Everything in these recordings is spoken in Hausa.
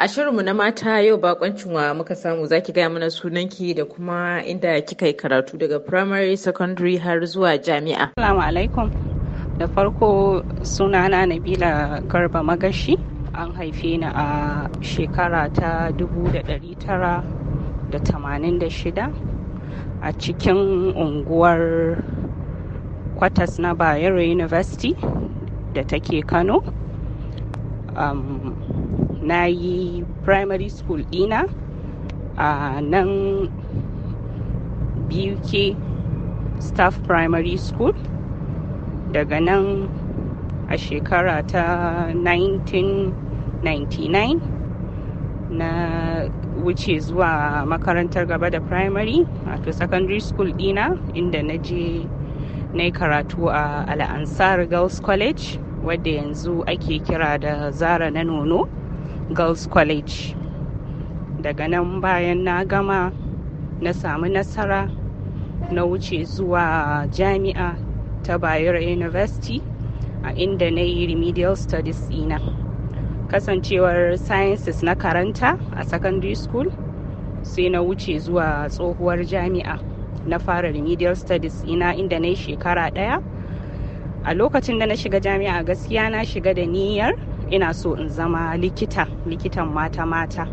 A shirinmu na mata yau bakoncin wa muka samu zaki gaya mana sunanki da kuma inda kika yi karatu daga primary secondary har zuwa jami'a. Assalamu alaikum. Da farko sunana Nabila Garba Magashi. An haife ni a shekara ta 1986 a cikin unguwar Kwatas na Bayero University da take Kano. Um, na yi primary school dina a nan buk staff primary school daga nan a shekara ta 1999 na wuce zuwa makarantar gaba da primary wato secondary school dina inda na je na yi karatu a al'ansar girls college wadda yanzu ake kira da zara na nono girls college daga nan bayan na gama na samu nasara na wuce zuwa jami'a ta bayero university a inda na yi remedial studies ina kasancewar sciences na karanta a secondary school sai na wuce zuwa tsohuwar jami'a na fara remedial studies ina inda na yi shekara ɗaya a lokacin da na shiga jami'a gaskiya na shiga da niyyar ina so in zama likita likitan mata-mata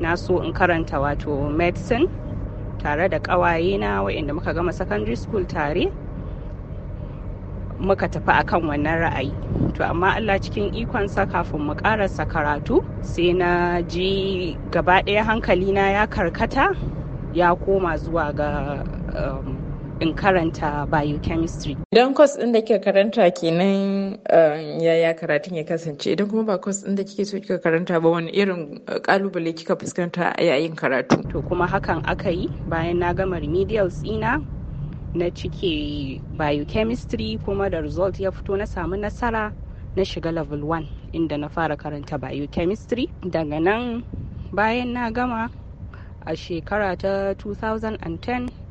na so in karanta wato medicine tare da na waɗanda muka gama secondary school tare muka tafi akan wannan ra'ayi to amma allah cikin ikonsa kafin mu karasa karatu sai na ji gaba ɗaya na ya karkata ya koma zuwa ga um, in karanta biochemistry. Idan kwas ɗin da kika karanta kenan eh, yaya karatun ya kasance idan kuma ba kwas ɗin da kike so kika karanta ba wani irin kalubale eh, kika fuskanta a yayin karatu. To kuma hakan aka yi bayan na gama remedials ɗina na cike biochemistry kuma da result ya fito na samu nasara na shiga level 1 inda na fara karanta biochemistry daga nan bayan na gama a shekara ta 2010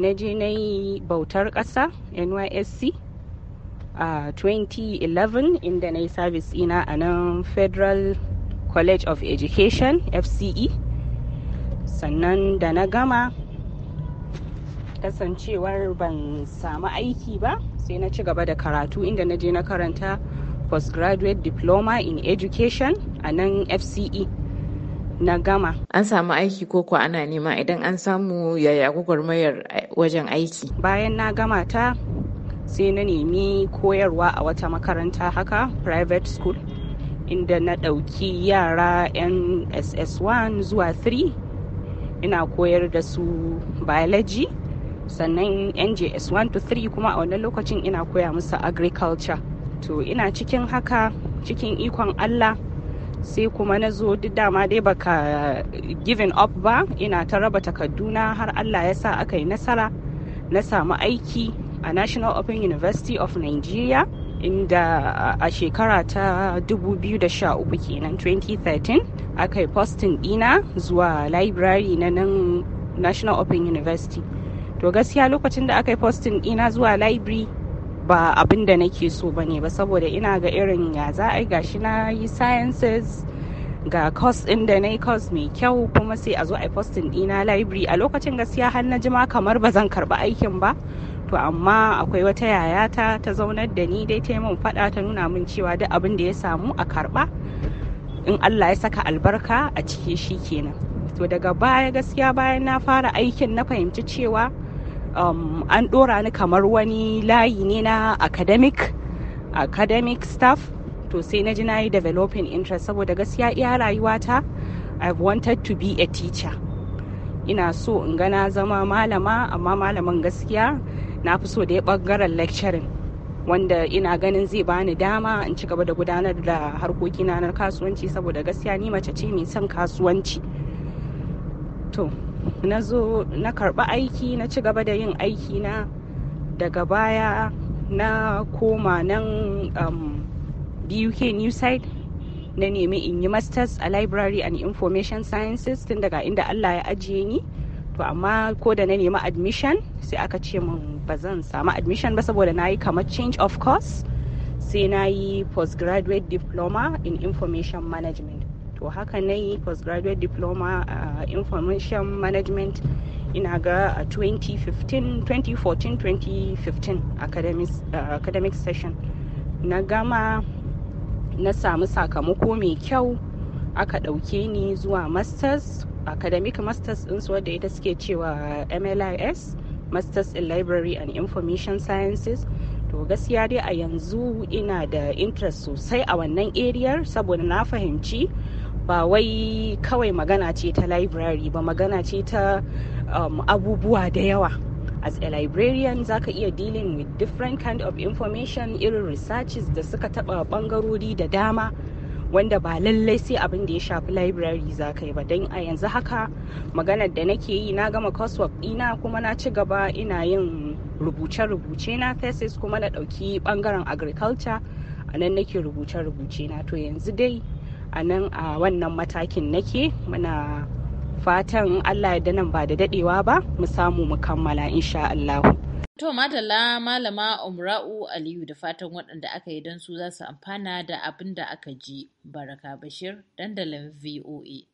na je na yi bautar ƙasa nysc a 2011 inda na yi sabis ina a nan federal college of education fce sannan da na gama kasancewar ban samu aiki ba sai na ci gaba da karatu inda na je na karanta postgraduate diploma in education a nan fce na gama. An samu aiki ko ko ana nema idan an samu yaya gwagwarmayar wajen aiki. Bayan na gama ta sai na nemi koyarwa a wata makaranta haka private school inda na ɗauki yara nss 1 zuwa 3 ina koyar da su biology sannan njs 1 to 3 kuma a wannan lokacin ina koya musu agriculture to ina cikin haka cikin ikon allah sai kuma na zo duk dama dai baka giving up ba ina ta raba takarduna har allah ya sa aka yi nasara na samu aiki a national open university of nigeria inda a shekara ta 2013 kenan 2013 aka yi posting dina zuwa library na nan national open university to gaskiya lokacin da aka yi posting dina zuwa library ba abin da nake so ba ne ba saboda ina ga irin ya za a gashi na yi sciences ga course ɗin da na yi course mai kyau kuma sai a zo a posting ɗina library a lokacin gaskiya har na jima kamar ba zan karɓi aikin ba to amma akwai wata yaya ta ta zaunar da ni dai ta yi min faɗa ta nuna min cewa duk abin da ya samu a karba in Allah ya saka albarka a ciki shi kenan to daga baya gaskiya bayan na fara aikin na fahimci cewa Um, an ɗora ni kamar wani layi ne na academic academic staff to sai na ji na yi developing interest saboda gaskiya iya rayuwata i've wanted to be a teacher ina so in ga na zama malama amma malaman gaskiya na fi so da ya ɓangaren lecturing wanda ina ganin zai bani dama in ci gaba da gudanar da harkokina na kasuwanci saboda gaskiya ni mace ce mai son kasuwanci to na zo na karɓi aiki na ci gaba da yin aiki na daga baya na koma nan um, buk new site na nemi in yi masters a library and information sciences tun daga inda allah ya ajiye ni to amma ko da na nemi admission sai aka ce min ba zan samu admission ba saboda na yi kamar change of course sai na yi postgraduate diploma in information management to haka na yi postgraduate diploma a uh, information management ina ga a 2014 2015 academic, uh, academic session na gama na samu sakamako mai kyau aka ɗauke ni zuwa masters academic masters su wadda ita suke cewa uh, mlis masters in library and information sciences to gaskiya dai a yanzu ina da interest sosai a wannan area saboda na fahimci ba wai kawai magana ce ta library ba magana ce ta um, abubuwa da yawa as a librarian za ka iya dealing with different kind of information irin researches da suka taba bangarori da dama wanda ba lallai sai abin da ya shafi library za ka yi ba don a yanzu haka maganar da nake yi na gama coursework ɗina kuma na ci gaba ina yin rubuce-rubuce na thesis kuma na ɗauki bangaren agriculture a nan nake rubuce-rubuce na to yanzu dai a nan a wannan matakin nake muna fatan allah ya nan ba da dadewa ba mu samu mu kammala insha allah To madalla malama Umra'u Aliyu da fatan waɗanda aka yi don su za su amfana da abin da aka ji. Baraka Bashir, dandalin VOA.